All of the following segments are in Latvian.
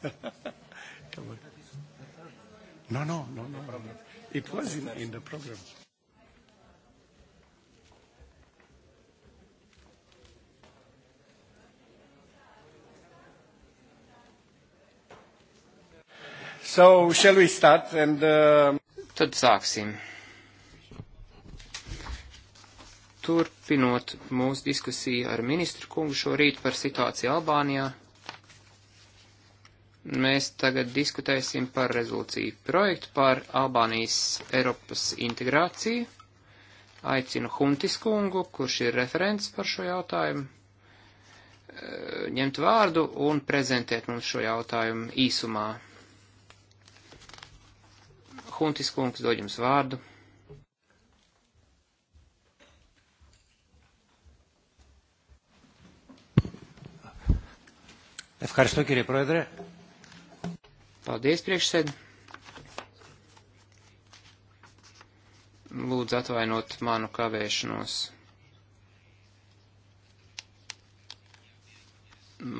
Come on. No, no, no, no. It was in, in the program. So, shall we start and... Uh... Tad sāksim. Turpinot mūsu diskusiju ar ministru kungu šorīt par situāciju Albānijā mēs tagad diskutēsim par rezolūciju projektu par Albānijas Eiropas integrāciju. Aicinu Huntis kungu, kurš ir referents par šo jautājumu, eh, ņemt vārdu un prezentēt mums šo jautājumu īsumā. Huntis kungs dod jums vārdu. Ευχαριστώ κύριε Πρόεδρε. Paldies, priekšsēd. Lūdzu atvainot manu kavēšanos.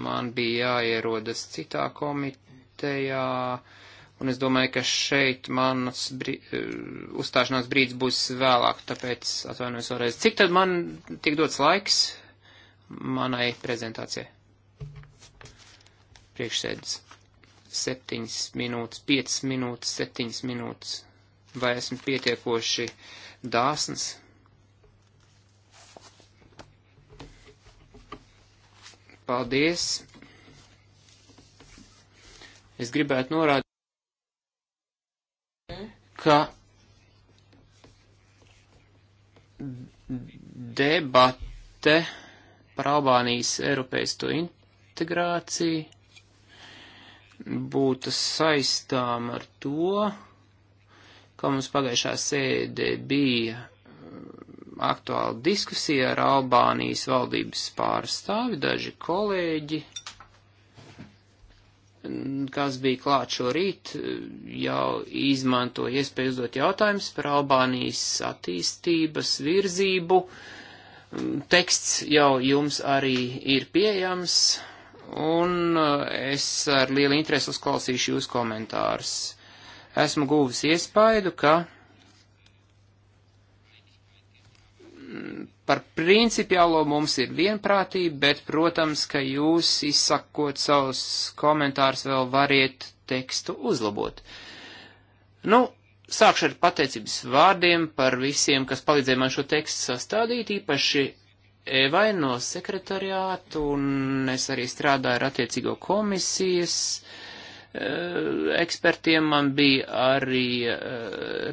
Man bija jāierodas citā komitejā, un es domāju, ka šeit manas brī... Eh, uzstāšanās brīdis būs vēlāk, tāpēc atvainojos vēlreiz. Cik tad man tiek dots laiks manai prezentācijai? Priekšsēdis. 7 minūtes, 5 minūtes, 7 minūtes. Vai esmu pietiekoši dāsns? Paldies! Es gribētu norādīt, ka debate par Albānijas Eiropeisto integrāciju būtu saistām ar to, ka mums pagājušā sēde bija uh, aktuāla diskusija ar Albānijas valdības pārstāvi, daži kolēģi, kas bija klāt šorīt, uh, jau izmanto iespēju uzdot jautājumus par Albānijas attīstības virzību. Mm, teksts jau jums arī ir pieejams un eh, es ar lielu interesi uzklausīšu jūs komentārus. Esmu guvis iespaidu, ka mm, par principiālo mums ir vienprātība, bet, protams, ka jūs izsakot savus komentārus vēl variet tekstu uzlabot. Nu, sākšu ar pateicības vārdiem par visiem, kas palīdzēja man šo tekstu sastādīt, īpaši E, vai no sekretariātu, un es arī strādāju ar attiecīgo komisijas e, ekspertiem. Man bija arī e,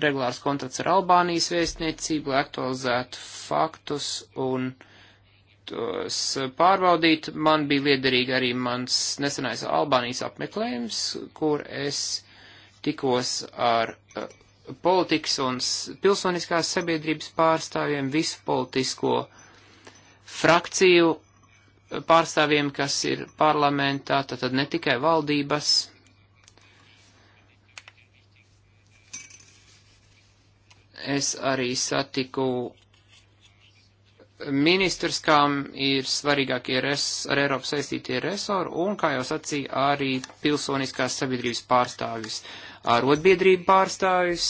regulārs kontakts ar Albānijas vēstniecību, lai aktualizētu faktus un tos pārbaudīt. Man bija liederīgi arī mans nesenais Albānijas apmeklējums, kur es tikos ar politikas un pilsoniskās sabiedrības pārstāvjiem visu politisko uh, frakciju pārstāvjiem, kas ir parlamentā, tad ne tikai valdības. Es arī satiku ministrs, kam ir svarīgākie res, ar Eiropu saistītie resori, un, kā jau sacīja, arī pilsoniskās sabiedrības pārstāvis, arotbiedrību pārstāvis,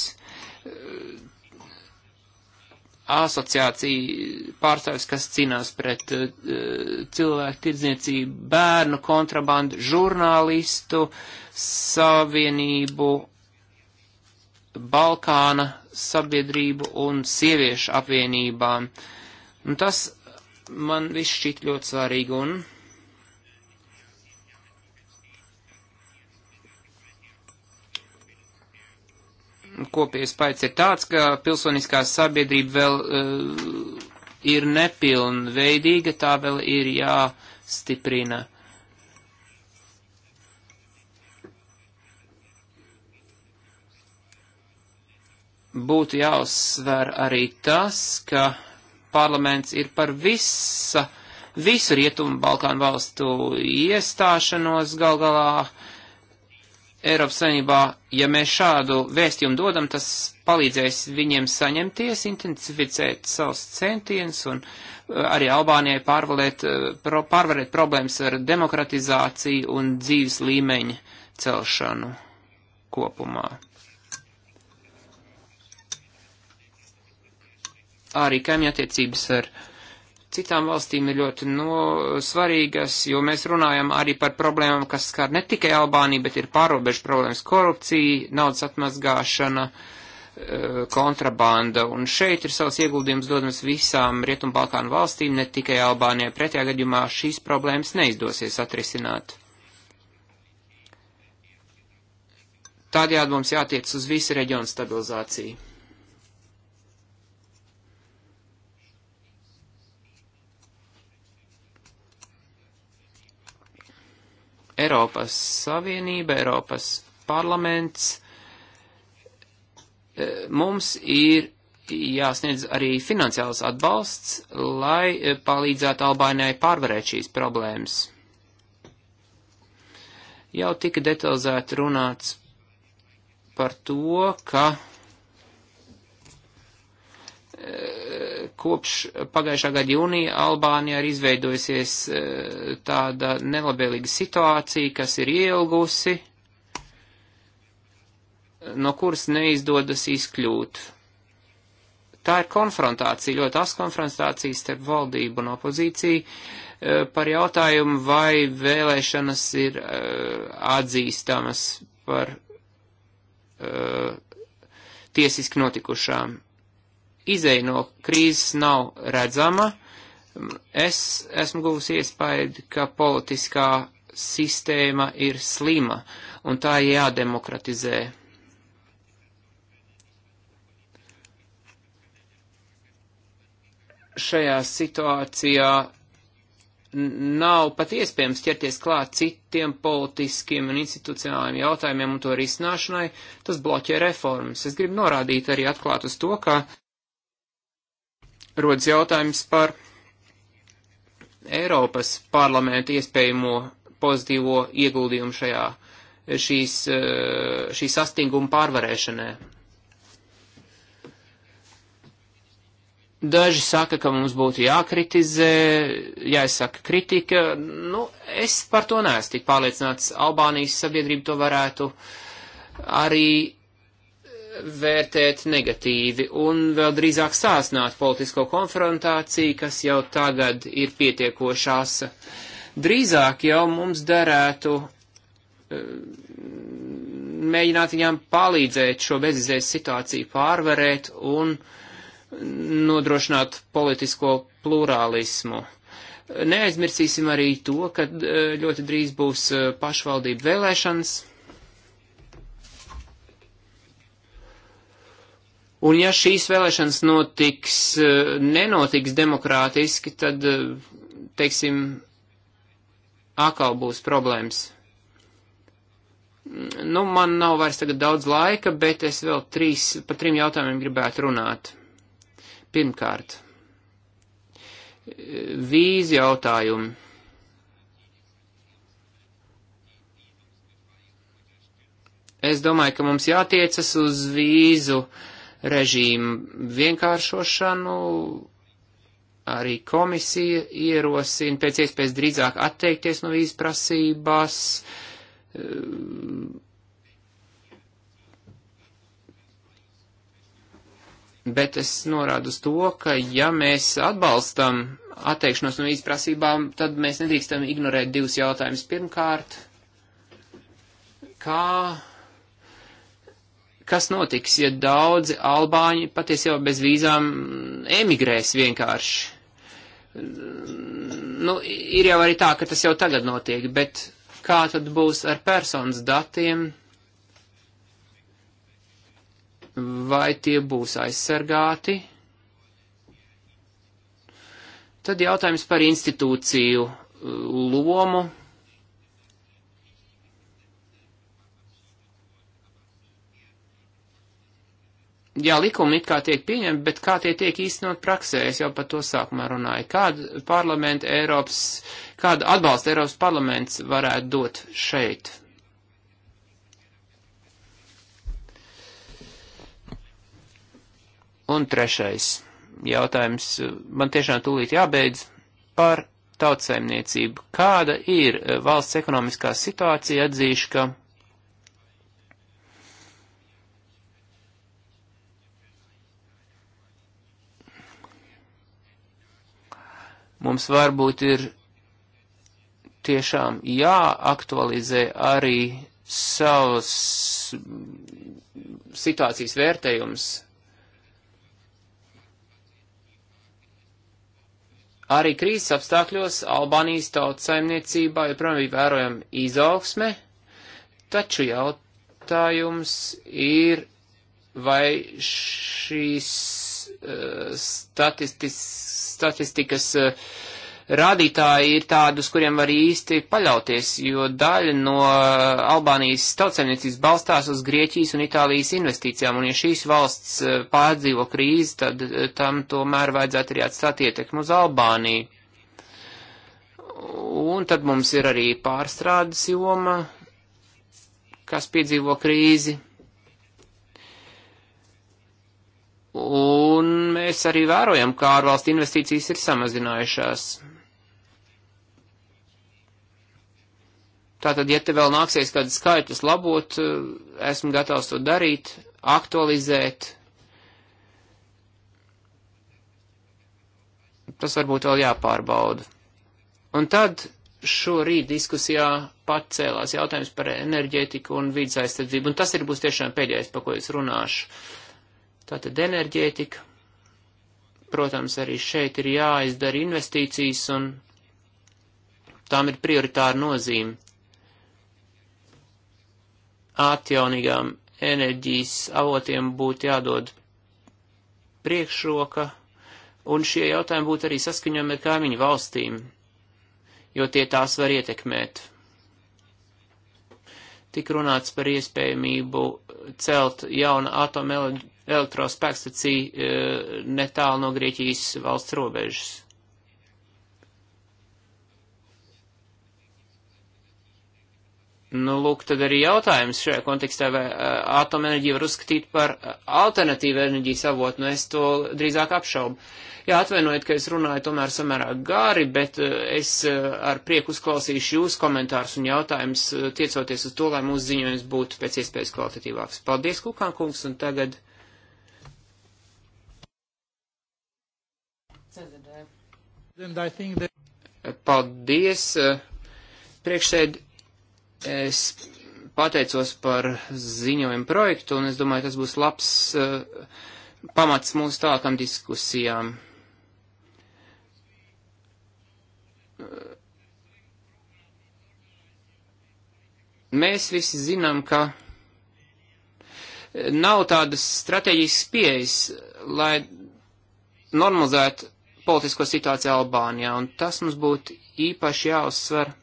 asociācija pārstāvis, kas cīnās pret uh, cilvēku tirdzniecību, bērnu kontrabandu, žurnālistu savienību, Balkāna sabiedrību un sieviešu apvienībām. Un tas man viss šķiet ļoti svarīgi un kopējais paits ir tāds, ka pilsoniskā sabiedrība vēl uh, ir nepilnveidīga, tā vēl ir jāstiprina. Būtu jāuzsver arī tas, ka parlaments ir par visa, visu Rietumu Balkānu valstu iestāšanos gal galā Eiropas Savienībā, ja mēs šādu vēstījumu dodam, tas palīdzēs viņiem saņemties, intensificēt savus centienus un eh, arī Albānijai pārvalēt, eh, pārvarēt problēmas ar demokratizāciju un dzīves līmeņa celšanu kopumā. Arī kaimiņattiecības ar. Uh, citām valstīm ir ļoti no, svarīgas, jo mēs runājam arī par problēmām, kas skar ne tikai Albāniju, bet ir pārobežu problēmas - korupcija, naudas atmazgāšana, eh, kontrabanda. Un šeit ir savs ieguldījums dodams visām Rietumbalkānu valstīm, ne tikai Albānijai. Pretējā gadījumā šīs problēmas neizdosies atrisināt. Tādējādi mums jātiec uz visu reģionu stabilizāciju. Eiropas Savienība, Eiropas parlaments, eh, mums ir jāsniedz arī finansiāls atbalsts, lai eh, palīdzētu Albānijai pārvarēt šīs problēmas. Jau tika detalizēti runāts par to, ka eh, kopš pagājušā gada jūnija Albānijā ir izveidojusies e, tāda nelabēlīga situācija, kas ir ielgusi, no kuras neizdodas izkļūt. Tā ir konfrontācija, ļoti asa konfrontācija starp valdību un opozīciju e, par jautājumu, vai vēlēšanas ir e, atzīstamas par tiesiski notikušām izēja no krīzes nav redzama. Es esmu guvusi iespēju, ka politiskā sistēma ir slima un tā jādemokratizē. Šajā situācijā nav pat iespējams ķerties klāt citiem politiskiem un institucionāliem jautājumiem un to risināšanai, tas bloķē reformas. Es gribu norādīt arī atklāt uz to, ka rodas jautājums par Eiropas parlamentu iespējamo pozitīvo ieguldījumu šajā šīs, eh, šī sastinguma pārvarēšanē. Daži saka, ka mums būtu jākritizē, jāizsaka kritika. Nu, es par to neesmu tik pārliecināts. Albānijas sabiedrība to varētu arī vērtēt negatīvi un vēl drīzāk sāsnāt politisko konfrontāciju, kas jau tagad ir pietiekošās. Drīzāk jau mums derētu eh, mēģināt viņām palīdzēt šo bezizējas situāciju pārvarēt un nodrošināt politisko plurālismu. Neaizmirsīsim arī to, ka eh, ļoti drīz būs eh, pašvaldību vēlēšanas, Un ja šīs vēlēšanas notiks, eh, nenotiks demokrātiski, tad, eh, teiksim, atkal būs problēmas. Nu, man nav vairs tagad daudz laika, bet es vēl trīs, par trim jautājumiem gribētu runāt. Pirmkārt, eh, vīzi jautājumi. Es domāju, ka mums jātiecas uz vīzu uh, režīmu vienkāršošanu, arī komisija ierosina pēc iespējas drīzāk atteikties no vīzu prasībās. Ehm, bet es norādu uz to, ka ja mēs atbalstam atteikšanos no vīzu prasībām, tad mēs nedrīkstam ignorēt divus jautājumus. Pirmkārt, kā Kas notiks, ja daudzi albāņi patiesībā bez vīzām emigrēs vienkārši? Nu, ir jau arī tā, ka tas jau tagad notiek, bet kā tad būs ar personas datiem? Vai tie būs aizsargāti? Tad jautājums par institūciju lomu jā, likumi it kā tiek pieņemti, bet kā tie tiek īstenot praksē, es jau par to sākumā runāju. Kādu parlamentu Eiropas, kādu atbalstu Eiropas parlaments varētu dot šeit? Un trešais jautājums, man tiešām tūlīt jābeidz, par tautsēmniecību. Kāda ir valsts ekonomiskā situācija? Atzīšu, ka Mums varbūt ir tiešām jāaktualizē arī savas situācijas vērtējums. Arī krīzes apstākļos Albānijas tautas saimniecībā joprojām bija vērojama izaugsme, taču jautājums ir, vai šīs Eh, statistikas eh, rādītāji ir tādi, uz kuriem var īsti paļauties, jo daļa no Albānijas tautsaimniecības balstās uz Grieķijas un Itālijas investīcijām, un ja šīs valsts eh, pārdzīvo krīzi, tad tam tomēr vajadzētu arī atstāt ietekmu uz Albāniju. Un tad mums ir arī pārstrādes joma, kas piedzīvo krīzi. Un mēs arī vērojam, kā ārvalstu investīcijas ir samazinājušās. Tātad, ja te vēl nāksies kādas skaitļus labot, esmu gatavs to darīt, aktualizēt. Tas varbūt vēl jāpārbauda. Un tad šorīt diskusijā pacēlās jautājums par enerģētiku un vidas aizsardzību, un tas ir būs tiešām pēdējais, pa ko es runāšu. Uh, Tātad enerģētika. Protams, arī šeit ir jāizdara investīcijas un tām ir prioritāra nozīme. Atjaunīgām enerģijas avotiem būtu jādod priekšroka, un šie jautājumi būtu arī saskaņojami ar kaimiņu valstīm, jo tie tās var ietekmēt. Tik runāts par iespējamību celt jaunu atomelektrību elektrospēkstacija e, netālu no Grieķijas valsts robežas. Nu, lūk, tad arī jautājums šajā kontekstā, vai e, atomenerģiju var uzskatīt par alternatīvu enerģijas avotu, nu es to drīzāk apšaubu. Jā, atvainojiet, ka es runāju tomēr samērā gāri, bet e, es ar prieku uzklausīšu jūs komentārus un jautājumus, tiecoties uz to, lai mūsu ziņojums būtu pēc iespējas kvalitatīvāks. Paldies, Kukankungs, un tagad. Paldies, eh, priekšsēd, es pateicos par ziņojumu projektu, un es domāju, tas būs labs eh, pamats mūsu tālākam diskusijām. Eh, mēs visi zinām, ka nav tādas strateģiskas pieejas, lai normalizētu politisko situāciju Albānijā, un tas mums būtu īpaši jāuzsver.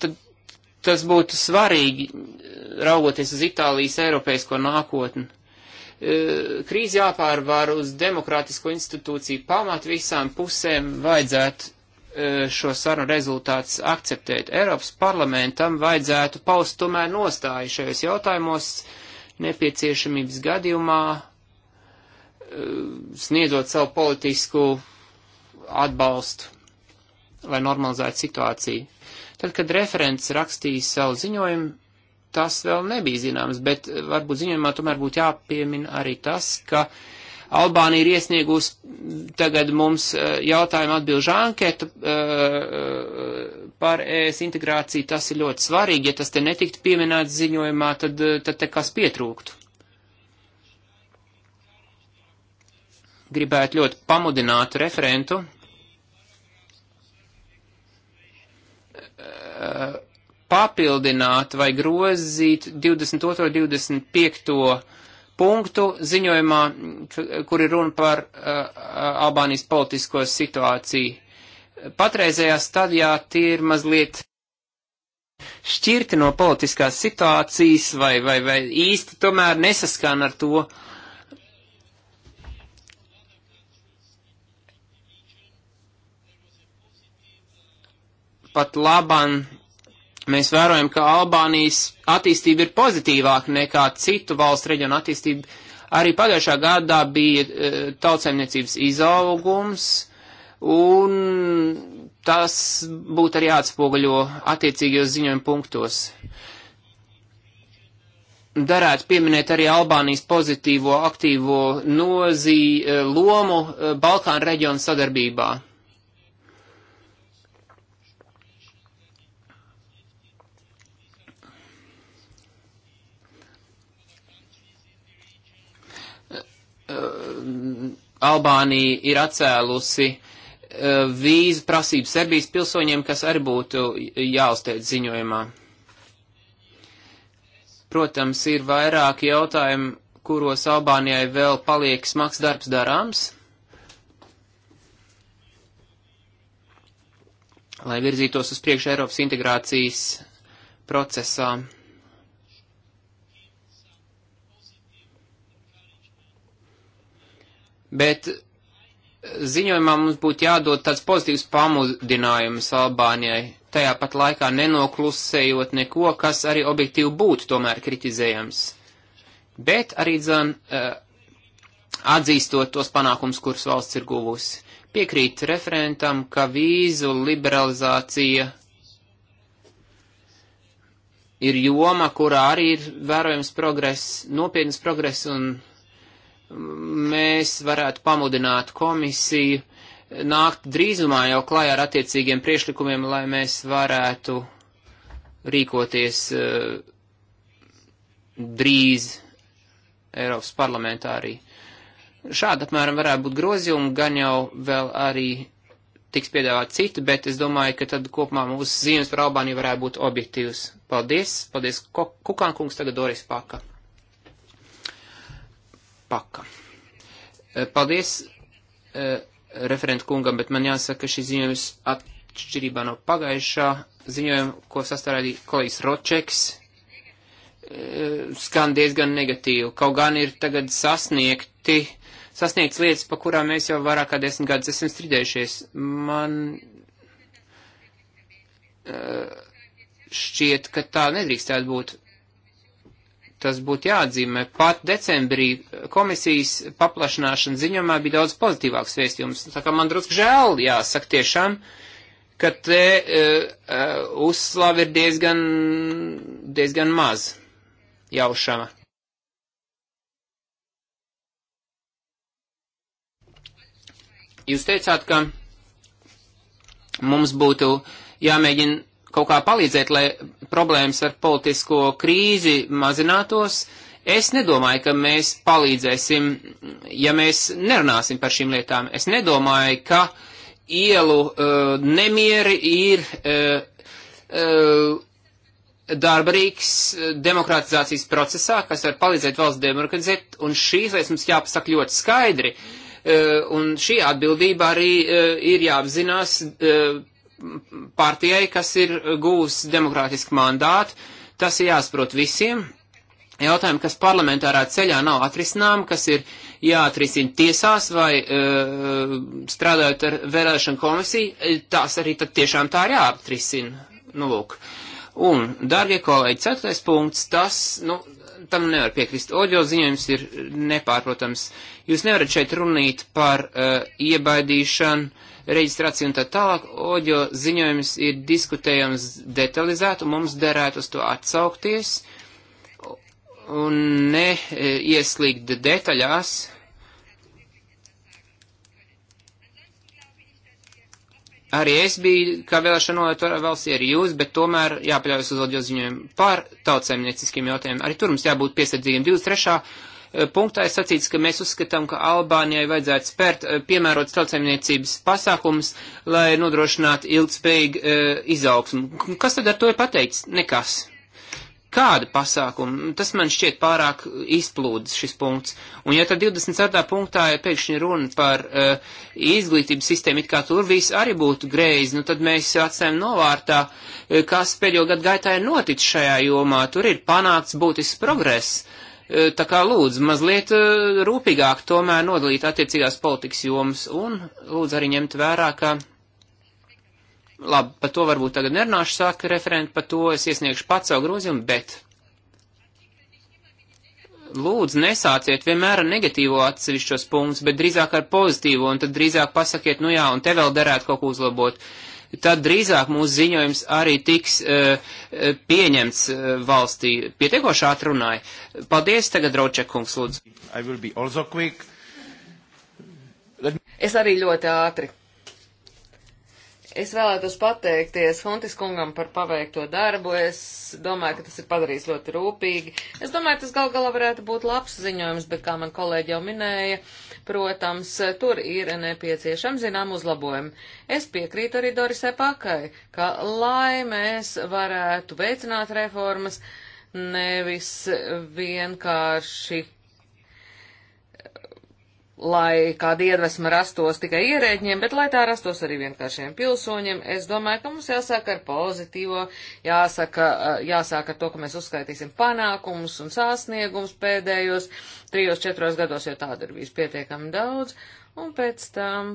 Tad tas būtu svarīgi, raugoties uz Itālijas eiropeisko nākotni. Krīze jāpārvar uz demokrātisko institūciju pamatu visām pusēm vajadzētu e, šo sarunu rezultātus akceptēt. Eiropas parlamentam vajadzētu paust tomēr nostāju šajos jautājumos, uh, nepieciešamības gadījumā, eh, sniedzot savu politisku atbalstu, lai normalizētu situāciju. Tad, kad referents rakstīja savu ziņojumu, tas vēl nebija zināms, bet varbūt ziņojumā tomēr būtu jāpiemina arī tas, ka Albānija ir iesniegusi tagad mums eh, jautājumu atbilžu anketu eh, par ES integrāciju, tas ir ļoti svarīgi. Ja tas te netiktu pieminēts ziņojumā, tad, eh, tad te kas pietrūktu. Gribētu ļoti pamudināt referentu eh, papildināt vai grozīt 22. 25. punktu ziņojumā, mm, kur ir runa par uh, Albānijas politisko situāciju patreizējā stadijā tie ir mazliet šķirti no politiskās situācijas vai, vai, vai īsti tomēr nesaskan ar to. Pat labam mēs vērojam, ka Albānijas attīstība ir pozitīvāka nekā citu valstu reģionu attīstība. Arī pagājušā gadā bija e, tautsēmniecības izaugums, un tas būtu arī jāatspoguļo attiecīgajos ziņojuma punktos. Darētu pieminēt arī Albānijas pozitīvo aktīvo nozī e, lomu e, Balkānu reģionu sadarbībā. E, Albānija ir atcēlusi uh, Eh, vīzu prasību Serbijas pilsoņiem, kas arī būtu jāuzteic ziņojumā. Protams, ir vairāki jautājumi, kuros Albānijai vēl paliek smags darbs darāms, lai virzītos uz priekšu Eiropas integrācijas procesā. Bet ziņojumā mums būtu jādod tāds pozitīvs pamudinājums Albānijai, tajā pat laikā nenoklusējot neko, kas arī objektīvi būtu tomēr kritizējams. Bet arī, zan, eh, atzīstot tos panākums, kurus valsts ir guvusi. Piekrīt referentam, ka vīzu liberalizācija ir joma, kurā arī ir vērojams progress, nopietnas progress un mēs varētu pamudināt komisiju nākt drīzumā jau klajā ar attiecīgiem priešlikumiem, lai mēs varētu rīkoties eh, drīz Eiropas parlamentā arī. Šādi apmēram varētu būt grozījumi, gan jau vēl arī tiks piedāvāt citu, bet es domāju, ka tad kopumā mūsu zīmes par Albāniju varētu būt objektīvs. Paldies, paldies Kukankungs, tagad Doris Paka paka. Eh, paldies eh, referentu kungam, bet man jāsaka, ka šī ziņojums atšķirībā no pagājušā ziņojuma, ko sastādīja kolēģis Ročeks, eh, skan diezgan negatīvi. Kaut gan ir tagad sasniegti, sasniegts lietas, pa kurām mēs jau vairāk kā desmit gadus esam strīdējušies. Man šķiet, ka tā nedrīkstētu būt tas būtu jāatzīmē. Pat decembrī komisijas paplašināšana ziņojumā bija daudz pozitīvāks vēstījums. Tā kā man drusku žēl, jāsaka tiešām, ka te uh, eh, uh, eh, uzslava ir diezgan, diezgan maz jaušama. Jūs teicāt, ka mums būtu jāmēģina kaut kā palīdzēt, lai problēmas ar politisko krīzi mazinātos. Es nedomāju, ka mēs palīdzēsim, ja mēs nerunāsim par šīm lietām. Es nedomāju, ka ielu uh, nemieri ir uh, eh, uh, eh, darbarīgs demokratizācijas procesā, kas var palīdzēt valsts demokratizēt, un šīs lietas mums jāpasaka ļoti skaidri. Uh, un šī atbildība arī uh, ir jāapzinās uh, partijai, kas ir gūs demokrātisku mandātu. Tas ir jāsaprot visiem. Jautājumi, kas parlamentārā ceļā nav atrisinām, kas ir jāatrisina tiesās vai uh, strādājot ar vēlēšanu komisiju, eh, tās arī tad tiešām tā ir jāatrisina. Nu, lūk. Un, dārgie kolēģi, ceturtais punkts, tas, nu, tam nevar piekrist. Oļo ziņojums ir nepārprotams. Jūs nevarat šeit runīt par uh, iebaidīšanu, reģistrāciju un tā tālāk, Oģo ziņojums ir diskutējams detalizēt, un mums derētu uz to atsaukties un ne e, ieslīgt detaļās. Arī es biju, kā vēlēšana valstī, arī jūs, bet tomēr jāpaļaujas uz audio ziņojumu par tautsēmnieciskiem jautājumiem. Arī tur mums jābūt piesardzīgiem. 23 Eh, punktā ir sacīts, ka mēs uzskatām, ka Albānijai vajadzētu spērt eh, piemērot tautsēmniecības pasākumus, lai nodrošinātu ilgspējīgu e, izaugsmu. Kas tad ar to ir pateicis? Nekas. Kāda pasākuma? Tas man šķiet pārāk izplūdes šis punkts. Un ja tad 24. punktā ir pēkšņi runa par uh, izglītības sistēmu, it kā tur viss arī būtu greizi, nu tad mēs atstājam novārtā, kas pēdējo gadu gaitā ir noticis šajā jomā. Tur ir panākts būtisks progress. Uh, Eh, tā kā lūdzu, mazliet eh, rūpīgāk tomēr nodalīt attiecīgās politikas jomas un lūdzu arī ņemt vērā, ka, labi, par to varbūt tagad nerunāšu sāka referenti, par to es iesniegšu pats savu grozījumu, bet lūdzu nesāciet vienmēr ar negatīvo atsevišķos punktus, bet drīzāk ar pozitīvo un tad drīzāk pasakiet, nu jā, un te vēl derētu kaut ko uzlabot. Uh, tad drīzāk mūsu ziņojums arī tiks uh, pieņemts uh, valstī. Pietiekoši atrunāja. Paldies, tagad Raučekungs, lūdzu. Me... Es arī ļoti ātri. Es vēlētos pateikties Hontis kungam par paveikto darbu. Es domāju, ka tas ir padarījis ļoti rūpīgi. Es domāju, tas gal galā varētu būt labs ziņojums, bet kā man kolēģi jau minēja, protams, tur ir nepieciešams zinām uzlabojumi. Es piekrītu arī Dorisai Pakai, ka lai mēs varētu veicināt reformas, nevis vienkārši lai kāda iedvesma rastos tikai ierēģiem, bet lai tā rastos arī vienkāršiem pilsoņiem. Es domāju, ka mums jāsāk ar pozitīvo, jāsaka, jāsāk ar to, ka mēs uzskaitīsim panākumus un sasniegumus pēdējos trijos, četros gados, jo tādu ir bijis pietiekami daudz. Un pēc tam,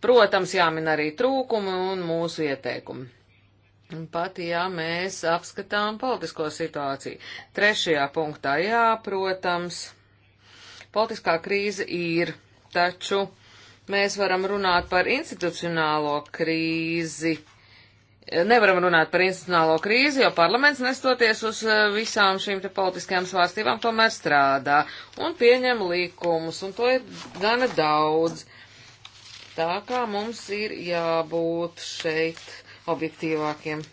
protams, jāmin arī trūkumi un mūsu ieteikumi. Pat, ja mēs apskatām politisko situāciju. Trešajā punktā, jā, protams Politiskā krīze ir, taču mēs varam runāt par institucionālo krīzi. Nevaram runāt par institucionālo krīzi, jo parlaments nestoties uz eh, visām šīm te politiskajām svārstībām tomēr strādā un pieņem likumus, un to ir gana daudz. Tā kā mums ir jābūt šeit objektīvākiem.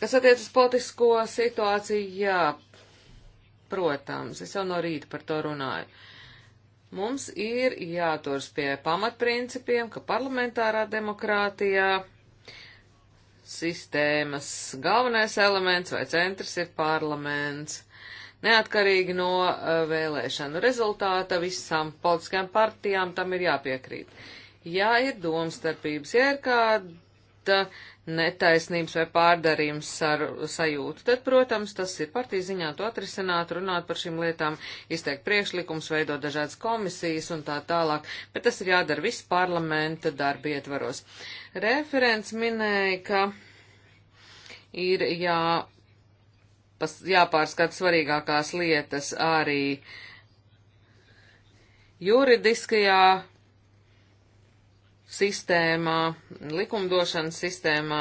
Kas attiec uz politisko situāciju, jā, protams, es jau no rīta par to runāju. Mums ir jāturs pie pamatprincipiem, ka parlamentārā demokrātijā sistēmas galvenais elements vai centrs ir parlaments. Neatkarīgi no uh, vēlēšanu rezultāta visām politiskajām partijām tam ir jāpiekrīt. Ja ir domstarpības, ja ir kāda netaisnības vai pārdarījums ar sajūtu. Tad, protams, tas ir partijas ziņā to atrisināt, runāt par šīm lietām, izteikt priekšlikums, veidot dažādas komisijas un tā tālāk, bet tas ir jādara viss parlamenta darba ietvaros. Referents minēja, ka ir jā, pas, jāpārskat svarīgākās lietas arī juridiskajā sistēmā, likumdošanas sistēmā.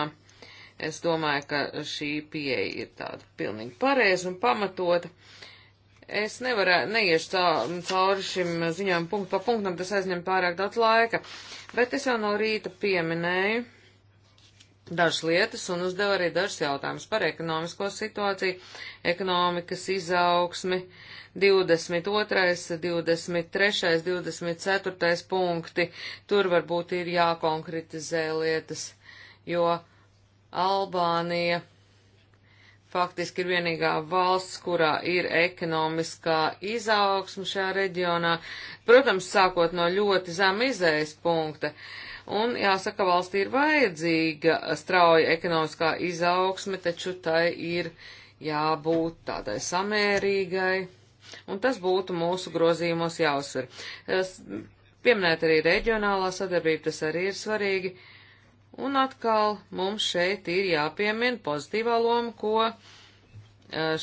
Es domāju, ka šī pieeja ir tāda pilnīgi pareiza un pamatota. Es nevaru neiešu cauri šim ziņām punktu pa punktam, tas aizņem pārāk daudz laika, bet es jau no rīta pieminēju dažas lietas un uzdeva arī dažas jautājumas par ekonomisko situāciju, ekonomikas izaugsmi, 22., 23., 24. punkti. Tur varbūt ir jākonkretizē lietas, jo Albānija faktiski ir vienīgā valsts, kurā ir ekonomiskā izaugsme šajā reģionā. Protams, sākot no ļoti zem izējas punkta. Uh, Un jāsaka, valstī ir vajadzīga strauja ekonomiskā izaugsme, taču tai ir jābūt tādai samērīgai. Un tas būtu mūsu grozījumos jāuzsver. Pieminēt arī reģionālā sadarbība, tas arī ir svarīgi. Un atkal mums šeit ir jāpiemina pozitīvā loma, ko eh,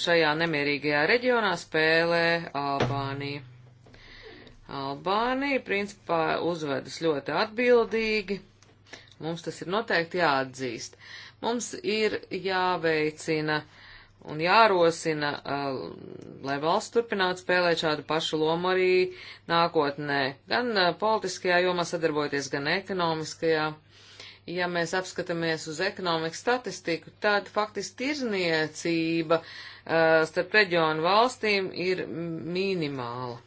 šajā nemierīgajā reģionā spēlē Albānija. Albānija principā uzvedas ļoti atbildīgi. Mums tas ir noteikti jāatzīst. Mums ir jāveicina un jārosina, uh, lai valsts turpinātu spēlēt šādu pašu lomu arī nākotnē, gan uh, politiskajā jomā sadarbojoties, gan ekonomiskajā. Ja mēs apskatāmies uz ekonomikas statistiku, tad faktiski tirzniecība uh, starp reģionu valstīm ir minimāla.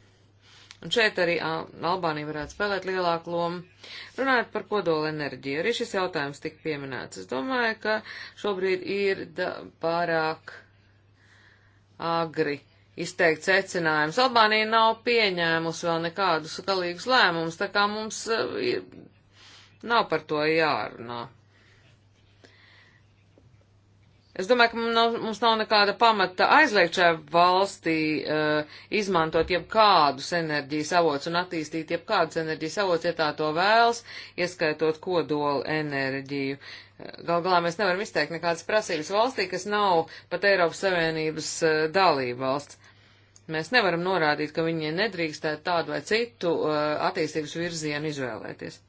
Un šeit arī Albānija varētu spēlēt lielāku lomu. Runājot par kodola enerģiju, arī šis jautājums tika pieminēts. Es domāju, ka šobrīd ir pārāk agri izteikt secinājums. Albānija nav pieņēmusi vēl nekādus galīgus lēmumus, tā kā mums nav par to jārunā. Es domāju, ka nav, mums nav nekāda pamata aizliegt šai valstī uh, izmantot jebkādus enerģijas avots un attīstīt jebkādus enerģijas avots, ja tā to vēlas, ieskaitot kodolu enerģiju. Eh, gal galā mēs nevaram izteikt nekādas prasības valstī, kas nav pat Eiropas Savienības uh, dalība valsts. Mēs nevaram norādīt, ka viņi nedrīkstētu tādu vai citu uh, attīstības virzienu izvēlēties.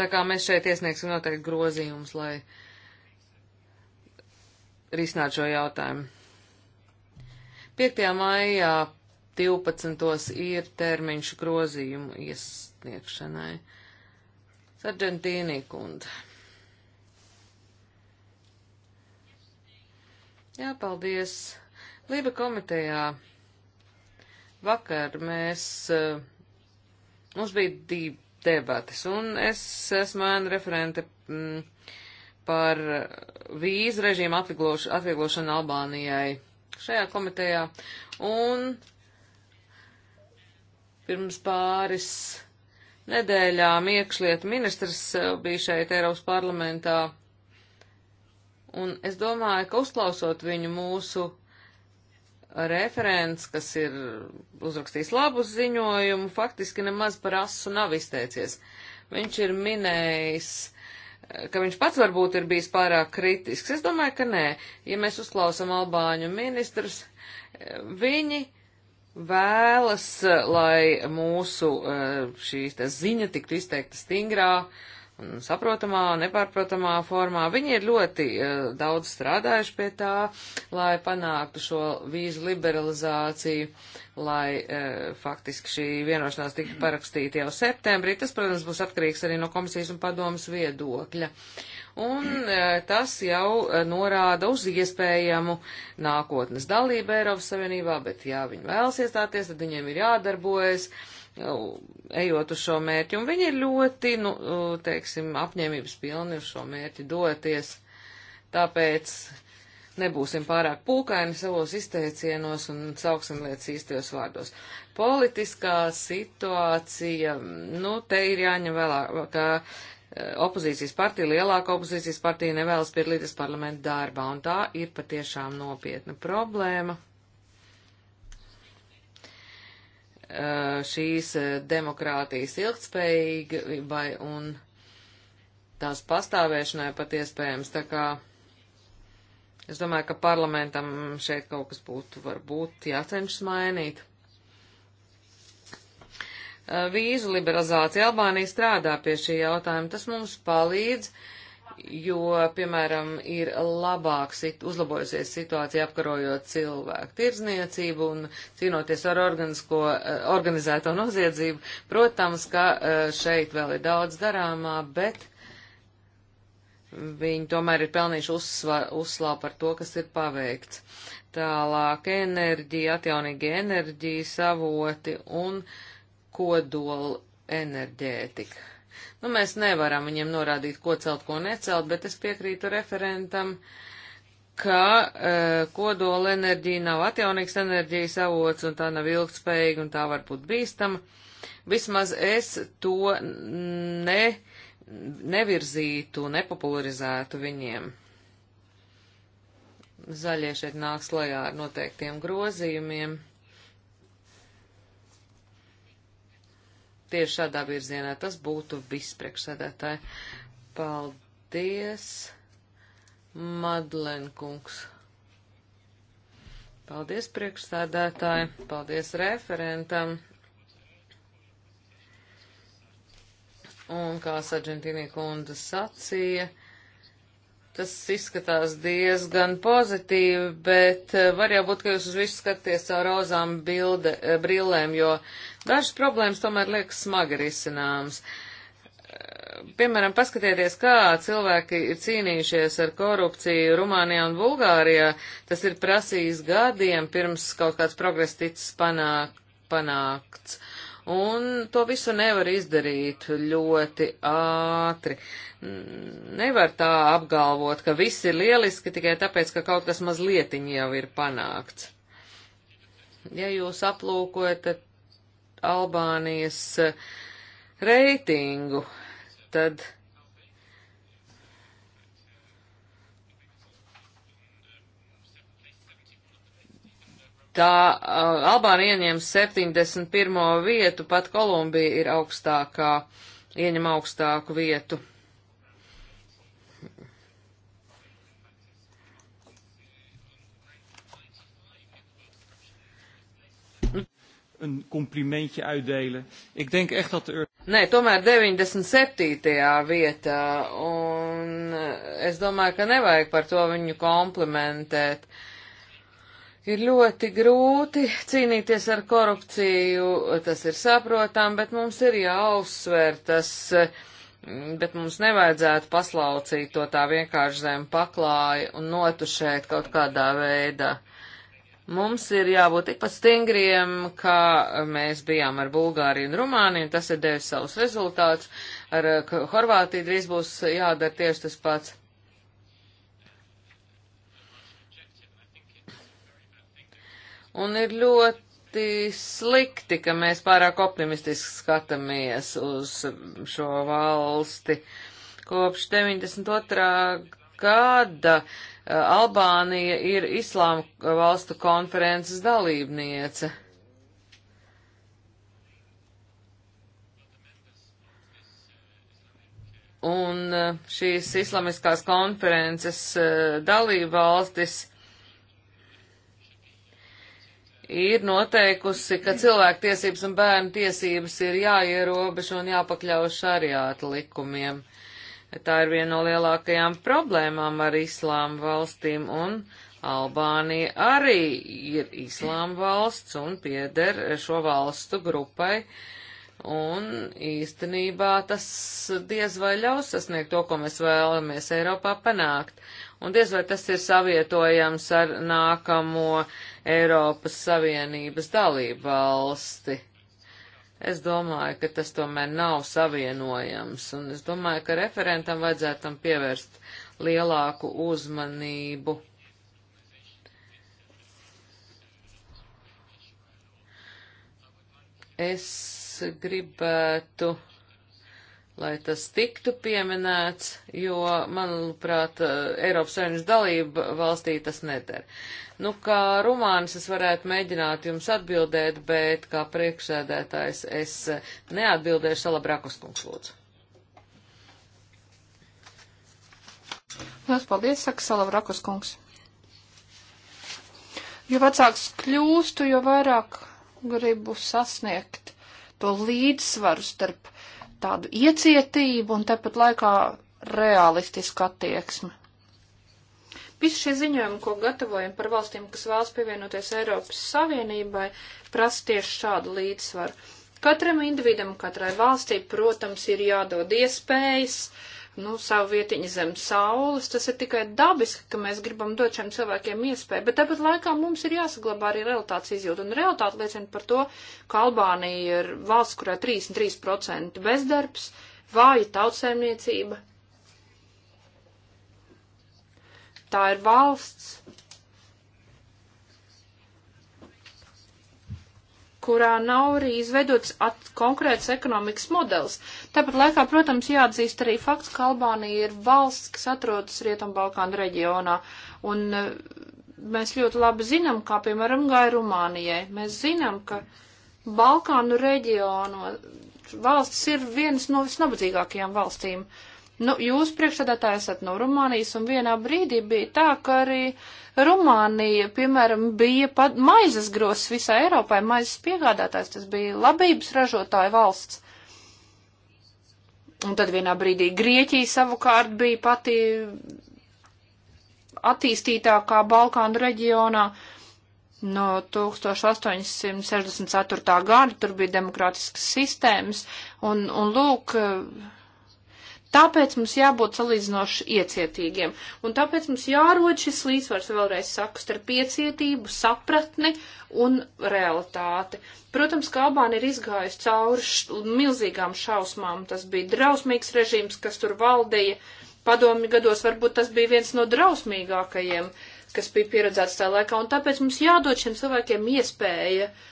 Tā kā mēs šeit iesniegsim noteikti grozījumus, lai uh, risināt šo jautājumu. 5. maijā 12. ir termiņš grozījumu iesniegšanai. Sargentīnī kunda. Jā, paldies. Lība komitejā vakar mēs, eh, mums bija divi debatas, un es esmu ēna referente. Mm, par vīzu režīmu atviegloš atvieglošanu Albānijai šajā komitejā. Un pirms pāris nedēļām iekšlietu ministrs eh, bija šeit Eiropas parlamentā. Un es domāju, ka uzklausot viņu mūsu referents, kas ir uzrakstījis labu ziņojumu, faktiski nemaz par asu nav izteicies. Viņš ir minējis ka viņš pats varbūt ir bijis pārāk kritisks. Es domāju, ka nē. Ja mēs uzklausām Albāņu ministrus, viņi vēlas, lai mūsu eh, šīs ziņa tiktu izteikta stingrā uh, un saprotamā, nepārprotamā formā. Viņi ir ļoti uh, daudz strādājuši pie tā, lai panāktu šo vīzu liberalizāciju, lai uh, faktiski šī vienošanās tika parakstīta jau septembrī. Tas, protams, būs atkarīgs arī no komisijas un padomas viedokļa. Un uh, tas jau norāda uz iespējamu nākotnes dalību Eiropas Savienībā, bet ja viņi vēlas iestāties, tad viņiem ir jādarbojas. Uh, ejot uz šo mērķi, un viņi ir ļoti, nu, teiksim, apņēmības pilni uz šo mērķi doties, tāpēc nebūsim pārāk pūkaini savos izteicienos un sauksim lietas īstajos vārdos. Politiskā situācija, nu, te ir jāņem vēlā, ka e, opozīcijas partija, lielāka opozīcijas partija nevēlas piedalīties parlamentu darbā, un tā ir patiešām nopietna problēma. Uh, šīs uh, demokrātijas ilgtspējībai un tās pastāvēšanai pat iespējams. Tā kā es domāju, ka parlamentam šeit kaut kas būtu varbūt jācenšas mainīt. Uh, vīzu liberalizācija Albānija strādā pie šī jautājuma. Tas mums palīdz uh, jo, piemēram, ir labāk sit, uzlabojusies situācija apkarojot cilvēku tirzniecību un cīnoties ar eh, organizēto noziedzību. Protams, ka eh, šeit vēl ir daudz darāmā, bet viņi tomēr ir pelnījuši uzsvar, uzslā par to, kas ir paveikts. Tālāk enerģija, atjaunīgi enerģija, savoti un kodola enerģētika Nu, mēs nevaram viņiem norādīt, ko celt, ko necelt, bet es piekrītu referentam, ka e, kodola enerģija nav atjaunīgs enerģijas avots un tā nav ilgtspējīga un tā var būt bīstama. Vismaz es to ne, nevirzītu, nepopularizētu viņiem. Zaļie šeit nāks lajā ar noteiktiem grozījumiem. tieši šādā virzienā. Tas būtu viss priekšsēdētāji. Paldies, Madlenkungs. Paldies priekšsēdētāji, paldies referentam. Un kā Sargentīnija kundze sacīja, Tas izskatās diezgan pozitīvi, bet eh, var jau būt, ka jūs uz visu skaties caur rozām bilde, eh, brillēm, jo dažas problēmas tomēr liekas smagi risināmas. Eh, piemēram, paskatieties, kā cilvēki ir cīnījušies ar korupciju Rumānijā un Bulgārijā. Tas ir prasījis gadiem, pirms kaut kāds progress ticis panāk, panākts. Uh, un to visu nevar izdarīt ļoti ātri. Nevar tā apgalvot, ka viss ir lieliski tikai tāpēc, ka kaut kas mazlietiņi jau ir panākts. Ja jūs aplūkojat Albānijas eh, reitingu, tad Tā uh, Albānija ieņem 71. vietu, pat Kolumbija ir augstākā, ieņem augstāku vietu. Een complimentje uitdelen. Ik denk echt dat de. Er- Nē, tomēr 97. vietā, un uh, es domāju, ka nevajag par to viņu komplimentēt. Uh, Ir ļoti grūti cīnīties ar korupciju, tas ir saprotam, bet mums ir jāuzsver tas, bet mums nevajadzētu paslaucīt to tā vienkārši zem paklāja un notušēt kaut kādā veidā. Mums ir jābūt tikpat stingriem, kā mēs bijām ar Bulgāriju un Rumāniju, un tas ir devis savus rezultātus. Ar Horvātiju drīz būs jādara tieši tas pats. Un ir ļoti slikti, ka mēs pārāk optimistiski skatāmies uz šo valsti. Kopš 92. gada eh, Albānija ir Islāma valstu konferences dalībniece. un eh, šīs islamiskās konferences eh, dalība valstis ir noteikusi, ka cilvēku tiesības un bērnu tiesības ir jāierobežo un jāpakļauj šariāta likumiem. Tā ir viena no lielākajām problēmām ar islāma valstīm, un Albānija arī ir islāma valsts un pieder šo valstu grupai. Un īstenībā tas diez vai ļaus sasniegt to, ko mēs vēlamies Eiropā panākt. Un diez vai tas ir savietojams ar nākamo uh, Eiropas Savienības dalību valsti. Es domāju, ka tas tomēr nav savienojams, un es domāju, ka referentam vajadzētu tam pievērst lielāku uzmanību. Es gribētu lai tas tiktu pieminēts, jo, manuprāt, eh, Eiropas Savienības dalība valstī tas neder. Nu, kā rumānis es varētu mēģināt jums atbildēt, bet kā priekšsēdētājs es eh, neatbildēšu Salabrakus kungs lūdzu. Lielas paldies, saka Salavrakus kungs. Jo vecāks kļūstu, jo vairāk gribu sasniegt to līdzsvaru starp tādu iecietību un tepat laikā realistisku attieksmi. Visi šie ziņojumi, ko gatavojam par valstīm, kas vēlas pievienoties Eiropas Savienībai, prasa tieši šādu līdzsvaru. Katram individam, katrai valstī, protams, ir jādod iespējas uh, nu, savu vietiņu zem saules. Tas ir tikai dabiski, ka mēs gribam dot šiem cilvēkiem iespēju, bet tāpat laikā mums ir jāsaglabā arī realitātes izjūta. Un realitāte liecina par to, ka Albānija ir valsts, kurā 33% bezdarbs, vāja tautsēmniecība. Tā ir valsts, kurā nav arī izveidots konkrēts ekonomikas modelis. Tāpat laikā, protams, jāatzīst arī fakts, ka Albānija ir valsts, kas atrodas Rietumbalkānu reģionā, un eh, mēs ļoti labi zinām, kā, piemēram, gāja Rumānijai. Mēs zinām, ka Balkānu reģionu valstis ir vienas no visnabadzīgākajām valstīm. Uh, Nu, jūs priekšsēdētāji esat no Rumānijas, un vienā brīdī bija tā, ka arī Rumānija, piemēram, bija pat maizes grosis visā Eiropā, maizes piegādātājs, tas bija labības ražotāja valsts. Un tad vienā brīdī Grieķija savukārt bija pati attīstītākā Balkānu reģionā. No 1864. gada tur bija demokrātiskas sistēmas, un, un lūk, Tāpēc mums jābūt salīdzinoši iecietīgiem. Un tāpēc mums jārod šis līdzsvars, vēlreiz saku, starp iecietību, sapratni un realitāti. Protams, ka Albāna ir izgājusi cauri milzīgām šausmām. Tas bija drausmīgs režīms, kas tur valdīja. Padomju gados varbūt tas bija viens no drausmīgākajiem, kas bija pieredzēts tajā laikā. Un tāpēc mums jādod šiem cilvēkiem iespēja uh,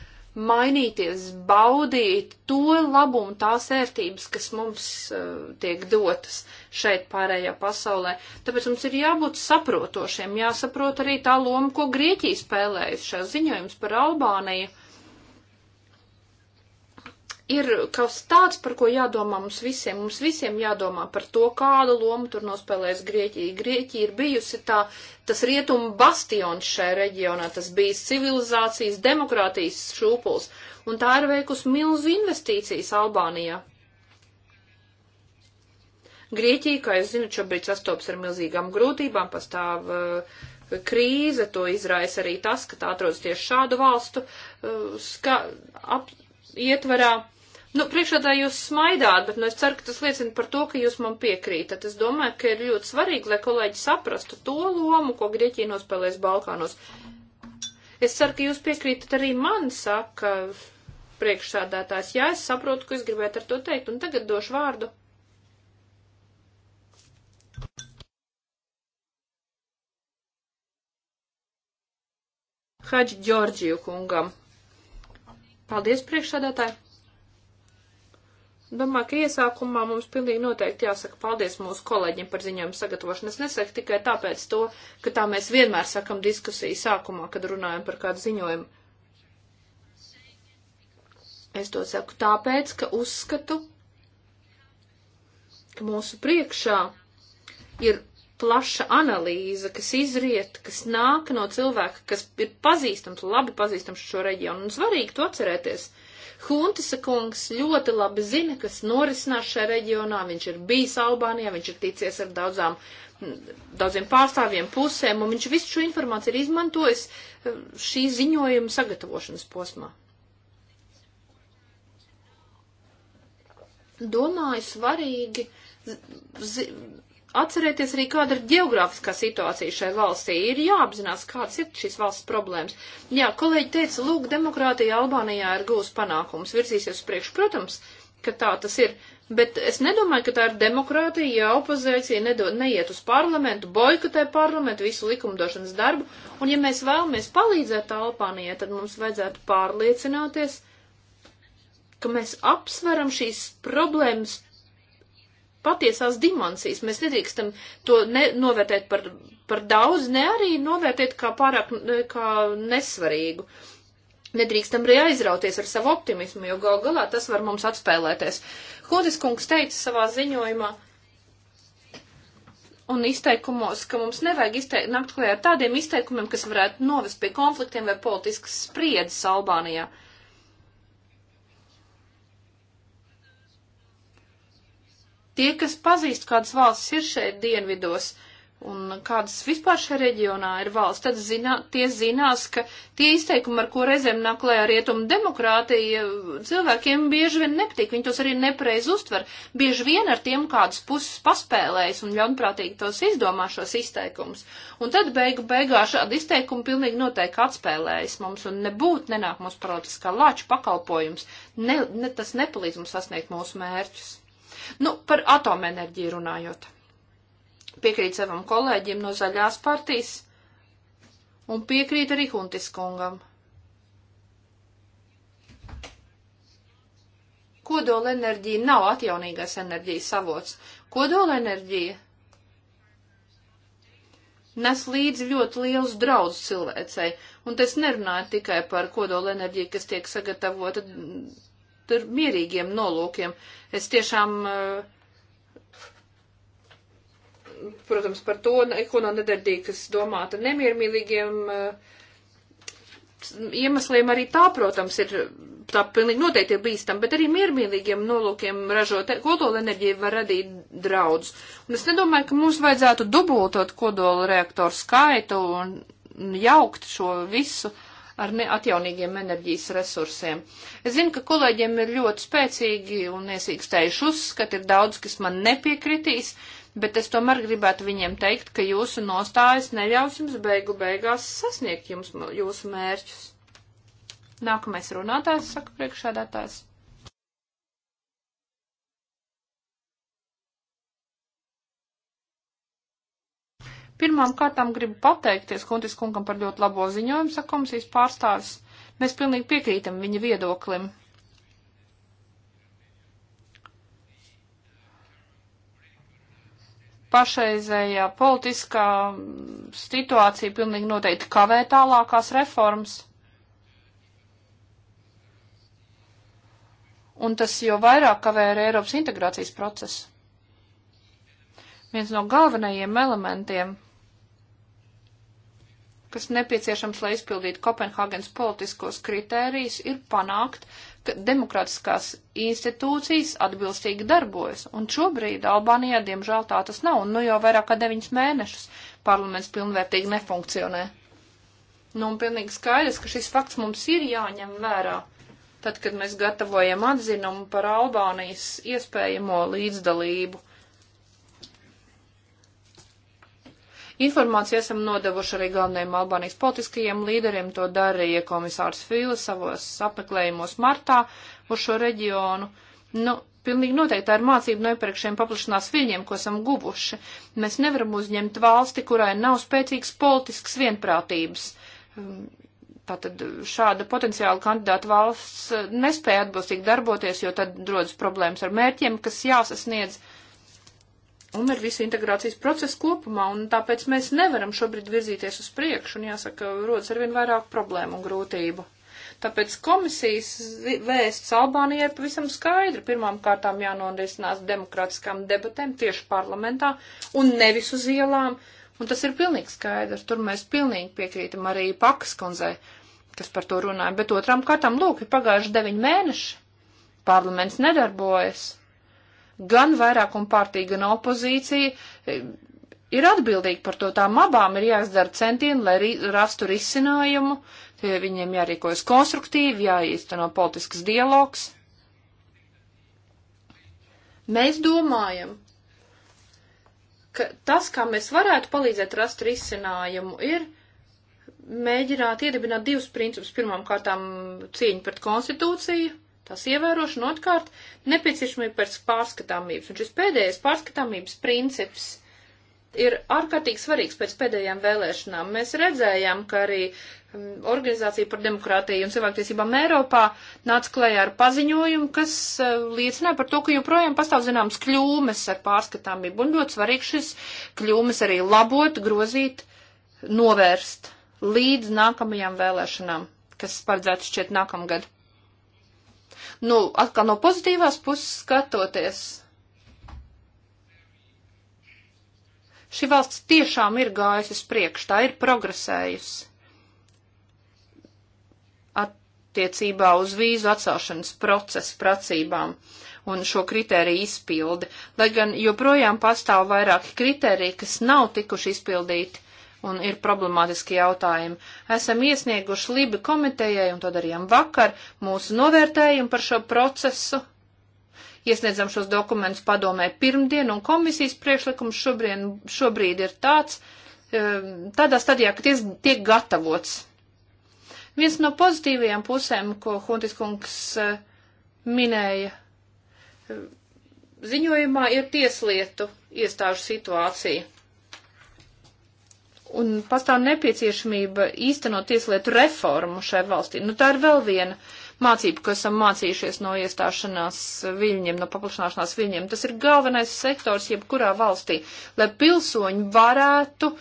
mainīties, baudīt to labumu, tās ērtības, kas mums uh, tiek dotas šeit pārējā pasaulē. Tāpēc mums ir jābūt saprotošiem, jāsaprot arī tā loma, ko Grieķija spēlējas šajā ziņojums par Albāniju. Uh, ir kaut tāds, par ko jādomā mums visiem. Mums visiem jādomā par to, kādu lomu tur nospēlēs Grieķija. Grieķija ir bijusi tā, tas rietumu bastions šajā reģionā, tas bijis civilizācijas, demokrātijas šūpuls, un tā ir veikusi milzu investīcijas Albānijā. Grieķija, kā jūs zinat, šobrīd sastopas ar milzīgām grūtībām, pastāv uh, krīze, to izraisa arī tas, ka tā atrodas tieši šādu valstu uh, ska, ap, ietvarā. Nu, priekšādā jūs smaidāt, bet nu, es ceru, ka tas liecina par to, ka jūs man piekrītat. Es domāju, ka ir ļoti svarīgi, lai kolēģi saprastu to lomu, ko Grieķija nospēlēs Balkānos. Es ceru, ka jūs piekrītat arī man, saka priekšsādātājs. Jā, es saprotu, ko es gribētu ar to teikt, un tagad došu vārdu. Haģi Džordžiju kungam. Paldies, priekšsādātāji! Domāju, ka iesākumā mums pilnīgi noteikti jāsaka paldies mūsu kolēģiem par ziņojumu sagatavošanu. Es nesaku tikai tāpēc to, ka tā mēs vienmēr sakam diskusiju sākumā, kad runājam par kādu ziņojumu. Es to saku tāpēc, ka uzskatu, ka mūsu priekšā ir plaša analīze, kas izriet, kas nāk no cilvēka, kas ir pazīstams, labi pazīstams šo reģionu. Un svarīgi to atcerēties. Uh, Huntisa kungs ļoti labi zina, kas norisinās šajā reģionā. Viņš ir bijis Albānijā, viņš ir ticies ar daudzām, daudziem pārstāvjiem pusēm, un viņš visu šo informāciju ir izmantojis eh, šī ziņojuma sagatavošanas posmā. Domāju, svarīgi atcerēties arī, kāda ir geogrāfiskā situācija šai valstī. Ir jāapzinās, kādas ir šīs valsts problēmas. Jā, kolēģi teica, lūk, demokrātija Albānijā ir gūs panākums, virzīsies uz priekšu. Protams, ka tā tas ir. Bet es nedomāju, ka tā ir demokrātija, ja opozīcija nedod, neiet uz parlamentu, boikotē parlamentu, visu likumdošanas darbu. Un ja mēs vēlamies palīdzēt Albānijai, tad mums vajadzētu pārliecināties, ka mēs apsveram šīs problēmas patiesās dimensijas. Mēs nedrīkstam to ne, novērtēt par, par daudz, ne arī novērtēt kā pārāk kā nesvarīgu. Nedrīkstam arī aizrauties ar savu optimismu, jo gal galā tas var mums atspēlēties. Hodis kungs teica savā ziņojumā un izteikumos, ka mums nevajag izteik, nakt klajā ar tādiem izteikumiem, kas varētu novest pie konfliktiem vai politiskas spriedzes Albānijā. Uh, Tie, kas pazīst, kādas valstis ir šeit dienvidos un kādas vispār šajā reģionā ir valsts, tad zinā, tie zinās, ka tie izteikumi, ar ko reizēm nāk klējā rietuma demokrātija, cilvēkiem bieži vien nepatīk, viņi tos arī nepareiz uztver, bieži vien ar tiem kādas puses paspēlējas un ļaunprātīgi tos izdomā šos izteikumus. Un tad beigu beigā šādi izteikumi pilnīgi noteikti atspēlējas mums un nebūt nenāk mums politiskā lāča pakalpojums, ne, ne, tas nepalīdz mums sasniegt mūsu mērķus. Nu, par atomenerģiju runājot. Piekrīt savam kolēģim no zaļās partijas un piekrīt arī Huntis kungam. Kodola enerģija nav atjaunīgais enerģijas avots. Kodola enerģija nes līdzi ļoti liels draudz cilvēcei, un es nerunāju tikai par kodola enerģiju, kas tiek sagatavota tur mierīgiem nolūkiem. Es tiešām, eh, protams, par to, ko no nedarbīgas domāta nemiermīlīgiem eh, iemesliem arī tā, protams, ir tā pilnīgi noteikti ir bīstam, bet arī miermīlīgiem nolūkiem ražot kodola enerģiju var radīt draudus. Un es nedomāju, ka mums vajadzētu dubultot kodola reaktoru skaitu un jaukt šo visu. Uh, ar neatjaunīgiem enerģijas resursiem. Es zinu, ka kolēģiem ir ļoti spēcīgi un iesīkstējuši uzskati, ir daudz, kas man nepiekritīs, bet es tomēr gribētu viņiem teikt, ka jūsu nostājas neļaus jums beigu beigās sasniegt jums, jūsu mērķus. Nākamais runātājs saka priekšādātājs. Pirmām kārtām gribu pateikties Kuntis kungam par ļoti labo ziņojumu, saka komisijas pārstāvis. Mēs pilnīgi piekrītam viņa viedoklim. Pašreizējā politiskā situācija pilnīgi noteikti kavē tālākās reformas. Un tas jau vairāk kavē ar Eiropas integrācijas procesu. Viens no galvenajiem elementiem kas nepieciešams, lai izpildītu Kopenhāgenes politiskos kritērijus, ir panākt, ka demokrātiskās institūcijas atbilstīgi darbojas. Un šobrīd Albānijā, diemžēl, tā tas nav, un nu jau vairāk kā deviņus mēnešus parlaments pilnvērtīgi nefunkcionē. Nu, un pilnīgi skaidrs, ka šis fakts mums ir jāņem vērā, tad, kad mēs gatavojam atzinumu par Albānijas iespējamo līdzdalību Informāciju esam nodevuši arī galvenajiem Albānijas politiskajiem līderiem, to darīja komisārs Fīla savos apmeklējumos martā uz šo reģionu. Nu, pilnīgi noteikti tā ir mācība no iepriekšējiem paplašanās viļņiem, ko esam guvuši. Mēs nevaram uzņemt valsti, kurai nav spēcīgas politiskas vienprātības. Um, Tātad šāda potenciāla kandidāta valsts nespēja atbilstīgi darboties, jo tad rodas problēmas ar mērķiem, kas jāsasniedz un ir visi integrācijas procesi kopumā, un tāpēc mēs nevaram šobrīd virzīties uz priekšu, un jāsaka, rodas arvien vairāk problēmu un grūtību. Tāpēc komisijas vēsts Albānijai ir pavisam skaidri. Pirmām kārtām jānorisinās demokrātiskām debatēm tieši parlamentā un nevis uz ielām, un tas ir pilnīgi skaidrs. Tur mēs pilnīgi piekrītam arī Pakas kundzei, kas par to runāja. Bet otrām kārtām, lūk, ir pagājuši deviņi mēneši. Parlaments nedarbojas gan vairākuma partija, gan opozīcija e, ir atbildīgi par to. Tām abām ir jāizdara centieni, lai rastu risinājumu, tie viņiem jārīkojas konstruktīvi, jāīsteno politisks dialogs. Mēs domājam, ka tas, kā mēs varētu palīdzēt rast risinājumu, ir mēģināt iedibināt divus principus. Pirmām kārtām cīņu pret konstitūciju tās ievērošana, otrkārt, nepieciešamība pēc pārskatāmības. Un šis pēdējais pārskatāmības princips ir ārkārtīgi svarīgs pēc pēdējām vēlēšanām. Mēs redzējām, ka arī um, Organizācija par demokrātiju un cilvēktiesībām Eiropā nāca klajā ar paziņojumu, kas uh, liecināja par to, ka joprojām pastāv zināmas kļūmes ar pārskatāmību un ļoti svarīgi šis kļūmes arī labot, grozīt, novērst līdz nākamajām vēlēšanām, kas paredzētas šķiet nākamgad. Nu, atkal no pozitīvās puses skatoties. Šī valsts tiešām ir gājusi uz priekšu, tā ir progresējusi attiecībā uz vīzu atcelšanas procesu pracībām un šo kritēriju izpildi, lai gan joprojām pastāv vairāki kritēriji, kas nav tikuši izpildīti un ir problemātiski jautājumi. Esam iesnieguši Libi komitejai, un to darījām vakar, mūsu novērtējumu par šo procesu. Iesniedzam šos dokumentus padomē pirmdien, un komisijas priekšlikums šobrīd, šobrīd ir tāds, e, tādā stadijā, ka tiek, tiek gatavots. Viens no pozitīvajām pusēm, ko Huntis kungs e, minēja e, ziņojumā, ir tieslietu iestāžu situācija un pastāv nepieciešamība īstenot tieslietu reformu šai valstī. Nu, tā ir vēl viena mācība, ko esam mācījušies no iestāšanās viļņiem, no paplašanāšanās viļņiem. Tas ir galvenais sektors jebkurā valstī, lai pilsoņi varētu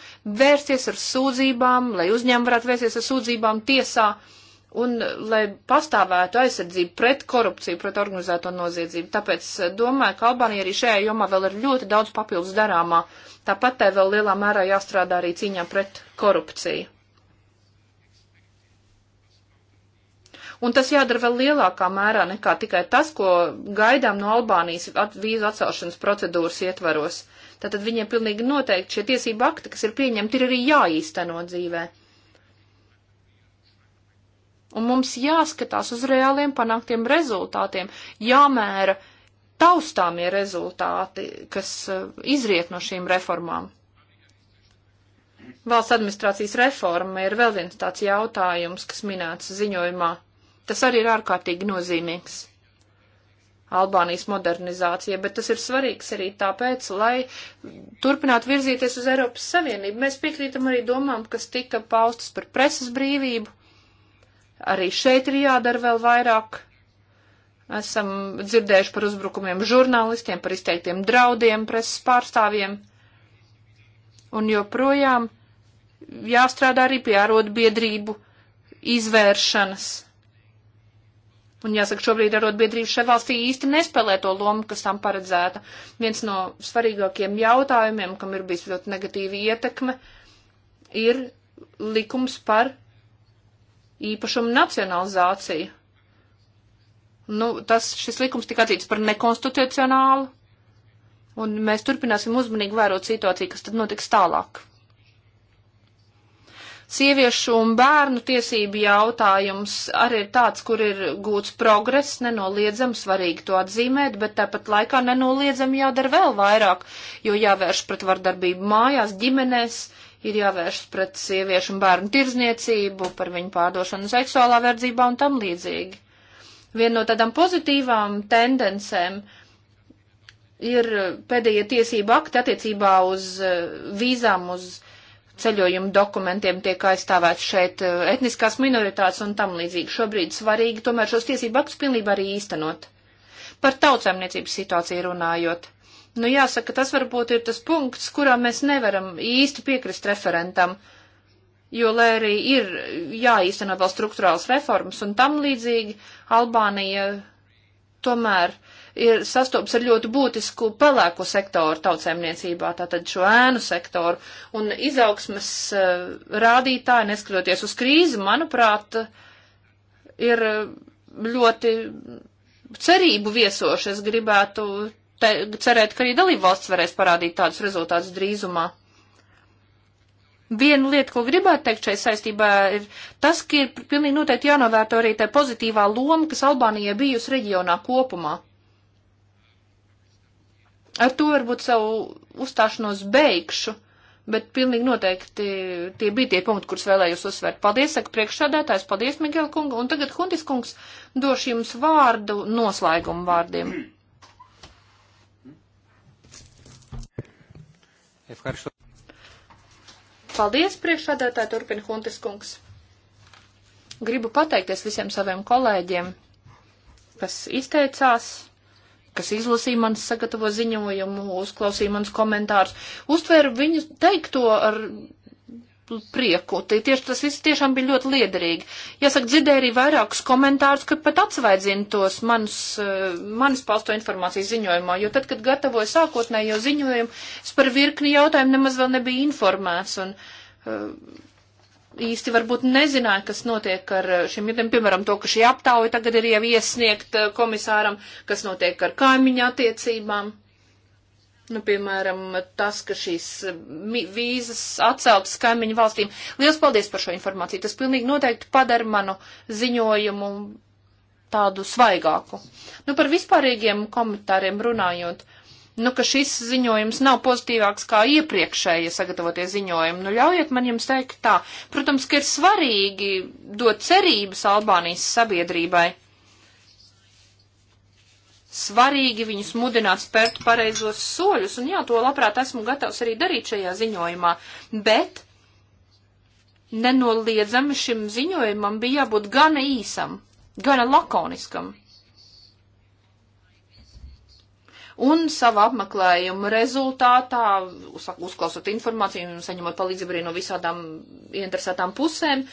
vērsties ar sūdzībām, lai uzņēmumi varētu vērsties ar sūdzībām tiesā. Uh, un lai pastāvētu aizsardzību pret korupciju, pret organizēto noziedzību. Tāpēc eh, domāju, ka Albānija arī šajā jomā vēl ir ļoti daudz papildus darāmā. Tāpat tai vēl lielā mērā jāstrādā arī cīņā pret korupciju. Un tas jādara vēl lielākā mērā nekā tikai tas, ko gaidām no Albānijas at vīzu atcelšanas procedūras ietvaros. Tātad viņiem pilnīgi noteikti šie tiesība akti, kas ir pieņemti, ir arī jāīsteno dzīvē. Un mums jāskatās uz reāliem panāktiem rezultātiem, jāmēra taustāmie rezultāti, kas eh, izriet no šīm reformām. Valsts administrācijas reforma ir vēl viens tāds jautājums, kas minēts ziņojumā. Tas arī ir ārkārtīgi nozīmīgs. Albānijas modernizācija, bet tas ir svarīgs arī tāpēc, lai turpinātu virzīties uz Eiropas Savienību. Mēs piekrītam arī domām, kas tika paustas par presas brīvību. Arī šeit ir jādara vēl vairāk. Esam dzirdējuši par uzbrukumiem žurnālistiem, par izteiktiem draudiem preses pārstāvjiem. Un joprojām jāstrādā arī pie arotbiedrību izvēršanas. Un jāsaka, šobrīd arotbiedrība šajā valstī īsti nespēlē to lomu, kas tam paredzēta. Viens no svarīgākiem jautājumiem, kam ir bijis ļoti negatīva ietekme, ir likums par īpašumu nacionalizāciju. Nu, tas, šis likums tika atzīts par nekonstitucionālu, un mēs turpināsim uzmanīgi vērot situāciju, kas tad notiks tālāk. Sieviešu un bērnu tiesību jautājums arī ir tāds, kur ir gūts progress, nenoliedzami svarīgi to atzīmēt, bet tāpat laikā nenoliedzami jādara vēl vairāk, jo jāvērš pret vardarbību mājās, ģimenēs, uh, ir jāvēršas pret sieviešu un bērnu tirzniecību, par viņu pārdošanu seksuālā verdzībā un tam līdzīgi. Viena no tādām pozitīvām tendencēm ir pēdējie tiesība akti attiecībā uz eh, vīzām, uz ceļojumu dokumentiem tiek aizstāvēts šeit eh, etniskās minoritātes un tam līdzīgi. Šobrīd svarīgi tomēr šos tiesību aktus pilnībā arī īstenot. Par tautsēmniecības situāciju runājot. Nu, jāsaka, tas varbūt ir tas punkts, kurā mēs nevaram īsti piekrist referentam, jo, lai arī ir jāīsteno vēl struktūrāls reformas un tam līdzīgi, Albānija tomēr ir sastops ar ļoti būtisku pelēku sektoru tautsēmniecībā, tātad šo ēnu sektoru, un izaugsmes eh, rādītāji, neskatoties uz krīzi, manuprāt, ir eh, ļoti cerību viesoši. Es gribētu cerēt, ka arī dalībvalsts varēs parādīt tādus rezultātus drīzumā. Viena lieta, ko gribētu teikt šai saistībā, ir tas, ka ir pilnīgi noteikti jānovērto arī tā pozitīvā loma, kas Albānijai bijusi reģionā kopumā. Ar to varbūt savu uzstāšanos beigšu, bet pilnīgi noteikti tie bija tie punkti, kurus vēlējos uzsvērt. Paldies, saka priekšsādātājs, paldies, Miguel kunga, un tagad Huntis kungs došu jums vārdu noslēgumu vārdiem. Mm. Paldies, priekšādātāji, turpina Huntis kungs. Gribu pateikties visiem saviem kolēģiem, kas izteicās, kas izlasīja manas sagatavo ziņojumu, uzklausīja manas komentārus, uztvēra viņu teikto ar prieku. Tieši tas viss tiešām bija ļoti liederīgi. Jāsaka, dzirdēju arī vairākus komentārus, ka pat atsvaidzina tos manus, eh, manis palsto informācijas ziņojumā, jo tad, kad gatavoju sākotnējo ziņojumu, es par virkni jautājumu nemaz vēl nebija informēts. Un, uh, īsti varbūt nezināja, kas notiek ar eh, šiem judiem. Piemēram, to, ka šī aptauja tagad ir jau iesniegta komisāram, kas notiek ar kaimiņa attiecībām. Nu, piemēram, tas, ka šīs eh, vīzas atceltas kaimiņu valstīm. Lielas paldies par šo informāciju. Tas pilnīgi noteikti padara manu ziņojumu tādu svaigāku. Nu, par vispārīgiem komentāriem runājot, nu, ka šis ziņojums nav pozitīvāks kā iepriekšējie sagatavotie ziņojumi. Nu, ļaujiet man jums teikt tā. Protams, ka ir svarīgi dot cerības Albānijas sabiedrībai svarīgi viņus mudināt spērt pareizos soļus, un jā, to labprāt esmu gatavs arī darīt šajā ziņojumā, bet nenoliedzami šim ziņojumam bija jābūt gana īsam, gana lakoniskam. Un savu apmeklējumu rezultātā, uzklausot informāciju un saņemot palīdzību arī no visādām interesētām pusēm,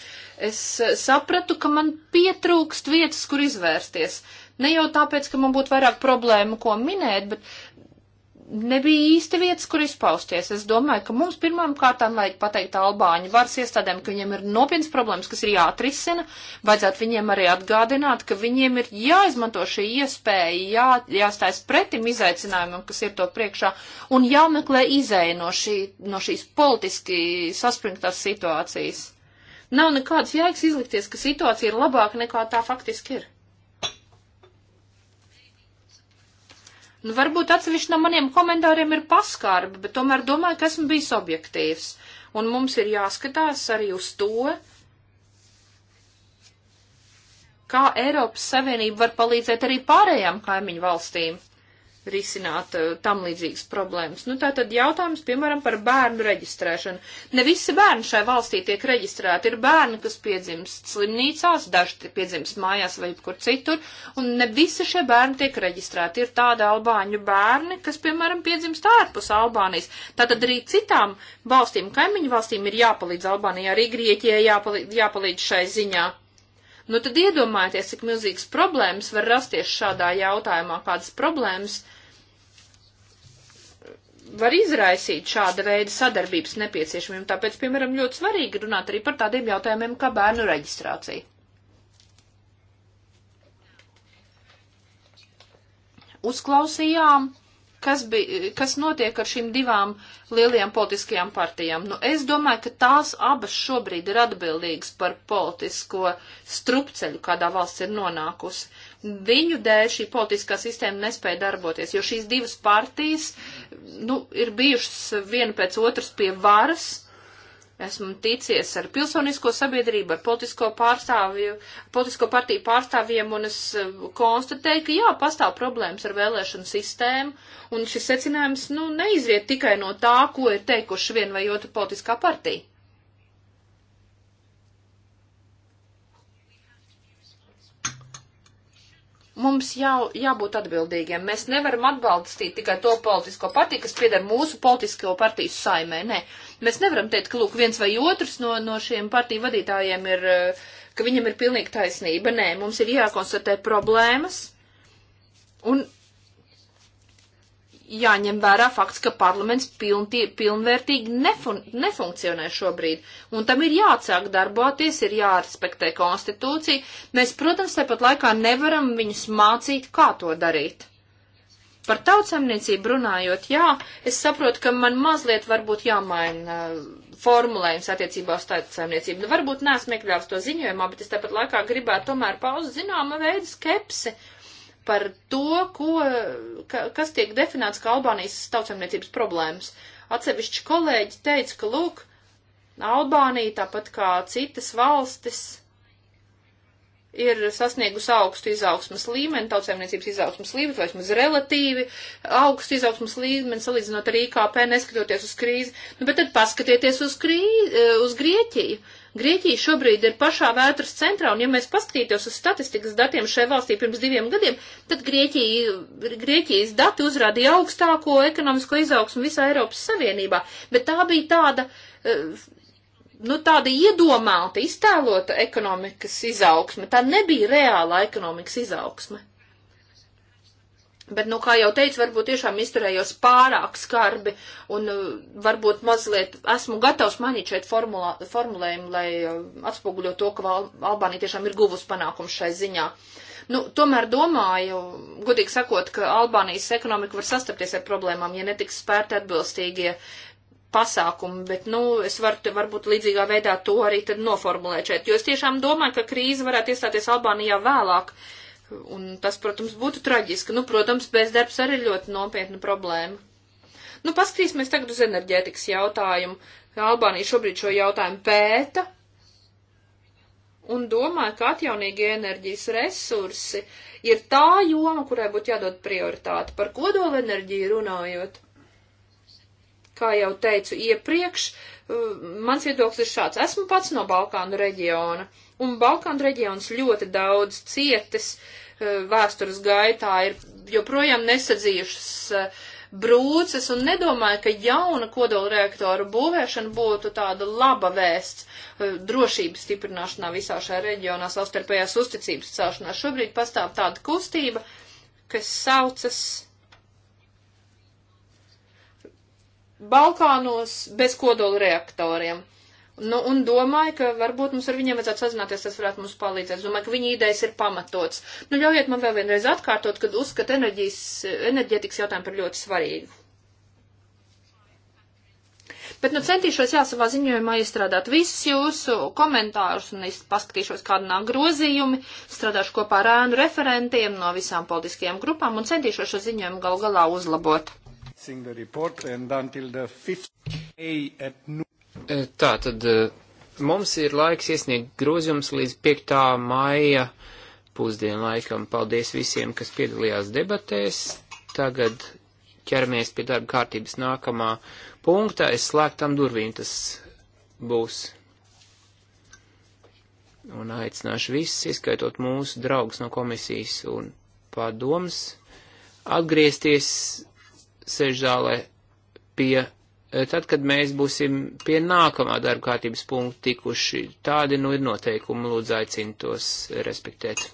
es sapratu, ka man pietrūkst vietas, kur izvērsties. Uh, Ne jau tāpēc, ka man būtu vairāk problēmu, ko minēt, bet nebija īsti vietas, kur izpausties. Es domāju, ka mums pirmām kārtām vajag pateikt Albāņu varas iestādēm, ka viņiem ir nopietnas problēmas, kas ir jāatrisina. Vajadzētu viņiem arī atgādināt, ka viņiem ir jāizmanto šī iespēja, jā, jāstājas pretim izaicinājumam, kas ir to priekšā, un jāmeklē izēja no, šī, no šīs politiski saspringtās situācijas nav nekādas jēgas izlikties, ka situācija ir labāka nekā tā faktiski ir. Nu, varbūt atsevišķi no maniem komentāriem ir paskārbi, bet tomēr domāju, ka esmu bijis objektīvs. Un mums ir jāskatās arī uz to, kā Eiropas Savienība var palīdzēt arī pārējām kaimiņu valstīm risināt uh, tam līdzīgas problēmas. Nu, tā tad jautājums, piemēram, par bērnu reģistrēšanu. Ne visi bērni šai valstī tiek reģistrēti. Ir bērni, kas piedzimst slimnīcās, daži piedzimst mājās vai kur citur, un ne visi šie bērni tiek reģistrēti. Ir tādi albāņu bērni, kas, piemēram, piedzimst ārpus Albānijas. Tātad arī citām valstīm, kaimiņu valstīm ir jāpalīdz Albānijā, arī Grieķijai jāpalīdz, jāpalīdz šai ziņā. Nu tad iedomājieties, cik milzīgas problēmas var rasties šādā jautājumā, kādas problēmas var izraisīt šāda veida sadarbības nepieciešamību. Tāpēc, piemēram, ļoti svarīgi runāt arī par tādiem jautājumiem kā bērnu reģistrācija. Uzklausījām kas, bija, kas notiek ar šīm divām lielajām politiskajām partijām. Nu, es domāju, ka tās abas šobrīd ir atbildīgas par politisko strupceļu, kādā valsts ir nonākusi. Viņu dēļ šī politiskā sistēma nespēja darboties, jo šīs divas partijas nu, ir bijušas viena pēc otras pie varas Esmu ticies ar pilsonisko sabiedrību, ar politisko, pārstāvju, politisko partiju pārstāvjiem, un es eh, konstatēju, ka jā, pastāv problēmas ar vēlēšanu sistēmu, un šis secinājums, nu, neizriet tikai no tā, ko ir teikuši viena vai otra politiskā partija. Mums jau jābūt atbildīgiem. Mēs nevaram atbalstīt tikai to politisko partiju, kas pieder mūsu politisko partiju saimē. Nē, mēs nevaram teikt, ka lūk, viens vai otrs no, no šiem partiju vadītājiem ir, eh, ka viņam ir pilnīga taisnība. Nē, mums ir jākonstatē problēmas un jāņem vērā fakts, ka parlaments pilntie, pilnvērtīgi nefun, nefunkcionē šobrīd, un tam ir jāatsāk darboties, ir jārespektē konstitūcija. Mēs, protams, tepat laikā nevaram viņus mācīt, kā to darīt. Par tautsamniecību runājot, jā, es saprotu, ka man mazliet varbūt jāmaina formulējums attiecībā uz tautsamniecību. Nu, varbūt neesmu iekļāvis to ziņojumā, bet es tepat laikā gribētu tomēr paust zināma veida skepsi. Uh, par to, ko, ka, kas tiek definēts kā Albānijas tautsēmniecības problēmas. Atsevišķi kolēģi teica, ka lūk, Albānija, tāpat kā citas valstis, ir sasniegusi augstu izaugsmas līmeni, tautsēmniecības izaugsmas līmeni, vai vismaz relatīvi augstu izaugsmas līmeni, salīdzinot ar IKP, neskatoties uz krīzi. Nu, bet tad paskatieties uz, krīzi, uz Grieķiju. Uh, Grieķija šobrīd ir pašā vētras centrā, un ja mēs paskatītos uz statistikas datiem šai valstī pirms diviem gadiem, tad Grieķija, Grieķijas dati uzrādīja augstāko ekonomisko izaugsmu visā Eiropas Savienībā, bet tā bija tāda. Eh, nu, tāda iedomāta, iztēlota ekonomikas izaugsme, tā nebija reāla ekonomikas izaugsme. Bet, nu, kā jau teicu, varbūt tiešām izturējos pārāk skarbi un uh, varbūt mazliet esmu gatavs mainīt šeit formulā, formulējumu, lai uh, atspoguļo to, ka Albānija tiešām ir guvusi panākumu šai ziņā. Nu, tomēr domāju, godīgi sakot, ka Albānijas ekonomika var sastapties ar problēmām, ja netiks spērti atbilstīgie pasākumi, bet, nu, es varu varbūt līdzīgā veidā to arī tad noformulēt šeit, jo es tiešām domāju, ka krīze varētu iestāties Albānijā vēlāk. Uh, Un tas, protams, būtu traģiski. Nu, protams, bezdarbs arī ļoti nopietna problēma. Nu, paskatīsimies tagad uz enerģētikas jautājumu. Albānija šobrīd šo jautājumu pēta un domāju, ka atjaunīgie enerģijas resursi ir tā joma, kurai būtu jādod prioritāte. Par kodola enerģiju runājot, kā jau teicu iepriekš, uh, mans viedoklis ir šāds. Esmu pats no Balkānu reģiona. Uh, un Balkānu reģions ļoti daudz cietis eh, vēstures gaitā, ir joprojām nesadzījušas eh, brūces un nedomāju, ka jauna kodola reaktoru būvēšana būtu tāda laba vēsts eh, drošības stiprināšanā visā šajā reģionā, savstarpējās uzticības celšanā. Šobrīd pastāv tāda kustība, kas saucas Balkānos bez kodola reaktoriem. Nu, un domāju, ka varbūt mums ar viņiem vajadzētu sazināties, tas varētu mums palīdzēt. Domāju, ka viņa idejas ir pamatots. Nu, ļaujiet man vēl vienreiz atkārtot, kad uzskat enerģijas, enerģetikas jautājumu par ļoti svarīgu. Bet, nu, centīšos, jā, savā ziņojumā iestrādāt visus jūsu komentārus un paskatīšos, kāda nāk grozījumi, strādāšu kopā ar ēnu referentiem no visām politiskajām grupām un centīšos šo ziņojumu gal galā uzlabot. E, tā tad e, mums ir laiks iesniegt grozījums līdz 5. maija pusdienlaikam. Paldies visiem, kas piedalījās debatēs. Tagad ķeramies pie darba kārtības nākamā punktā. Es slēgtam durvīm tas būs. Un aicināšu visus, ieskaitot mūsu draugus no komisijas un padoms, atgriezties sežzālē pie Eh, tad, kad mēs būsim pie nākamā darba kārtības punkta tikuši. Tādi nu ir noteikumi, lūdzu aicinu tos respektēt.